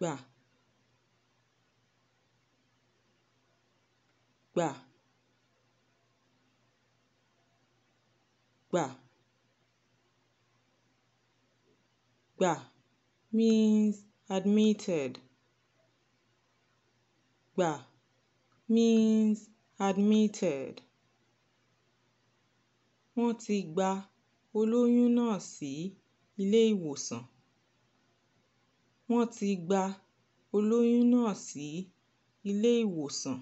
gbà gbà gbà. Gbà means admitted. Gbà means admitted. Wọ́n ti gba olóyún náà sí ilé ìwòsàn wọ́n ti gba olóyún náà sí ilé ìwòsàn